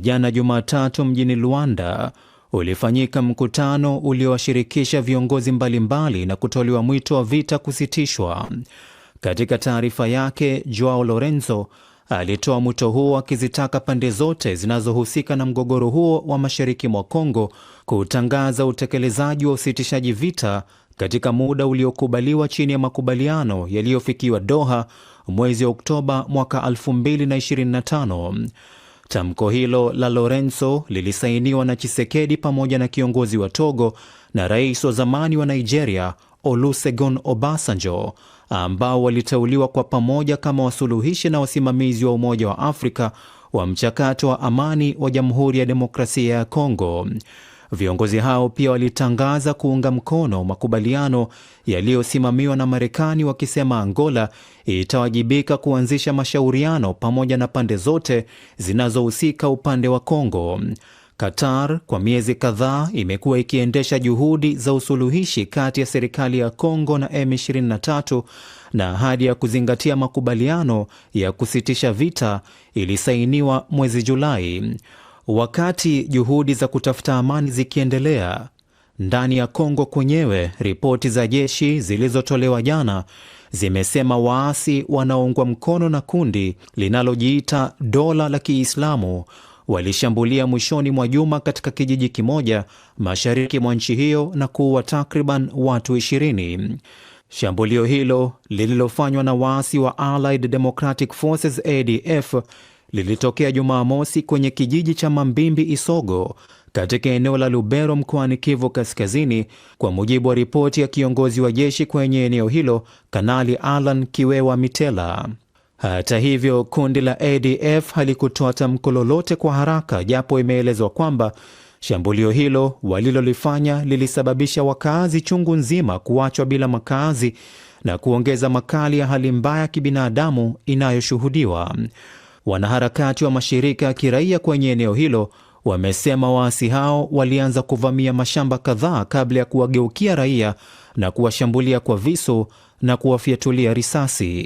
jana Jumatatu mjini Luanda ulifanyika mkutano uliowashirikisha viongozi mbalimbali na kutolewa mwito wa vita kusitishwa. Katika taarifa yake, Joao Lorenzo alitoa mwito huo akizitaka pande zote zinazohusika na mgogoro huo wa mashariki mwa Kongo kutangaza utekelezaji wa usitishaji vita katika muda uliokubaliwa chini ya makubaliano yaliyofikiwa Doha mwezi Oktoba mwaka 2025. Tamko hilo la Lorenzo lilisainiwa na Chisekedi pamoja na kiongozi wa Togo na rais wa zamani wa Nigeria Olusegun Obasanjo ambao waliteuliwa kwa pamoja kama wasuluhishi na wasimamizi wa Umoja wa Afrika wa mchakato wa amani wa Jamhuri ya Demokrasia ya Kongo. Viongozi hao pia walitangaza kuunga mkono makubaliano yaliyosimamiwa na Marekani wakisema Angola itawajibika kuanzisha mashauriano pamoja na pande zote zinazohusika upande wa Kongo. Qatar kwa miezi kadhaa imekuwa ikiendesha juhudi za usuluhishi kati ya serikali ya Kongo na M23 na ahadi ya kuzingatia makubaliano ya kusitisha vita ilisainiwa mwezi Julai. Wakati juhudi za kutafuta amani zikiendelea ndani ya Kongo kwenyewe, ripoti za jeshi zilizotolewa jana zimesema waasi wanaoungwa mkono na kundi linalojiita dola la Kiislamu walishambulia mwishoni mwa juma katika kijiji kimoja mashariki mwa nchi hiyo na kuua takriban watu 20. Shambulio hilo lililofanywa na waasi wa Allied Democratic Forces ADF lilitokea Jumamosi kwenye kijiji cha Mambimbi Isogo katika eneo la Lubero mkoani Kivu Kaskazini, kwa mujibu wa ripoti ya kiongozi wa jeshi kwenye eneo hilo, Kanali Alan Kiwewa Mitela. Hata hivyo, kundi la ADF halikutoa tamko lolote kwa haraka, japo imeelezwa kwamba shambulio hilo walilolifanya lilisababisha wakaazi chungu nzima kuachwa bila makaazi na kuongeza makali ya hali mbaya ya kibinadamu inayoshuhudiwa. Wanaharakati wa mashirika ya kiraia kwenye eneo hilo wamesema waasi hao walianza kuvamia mashamba kadhaa kabla ya kuwageukia raia na kuwashambulia kwa visu na kuwafyatulia risasi.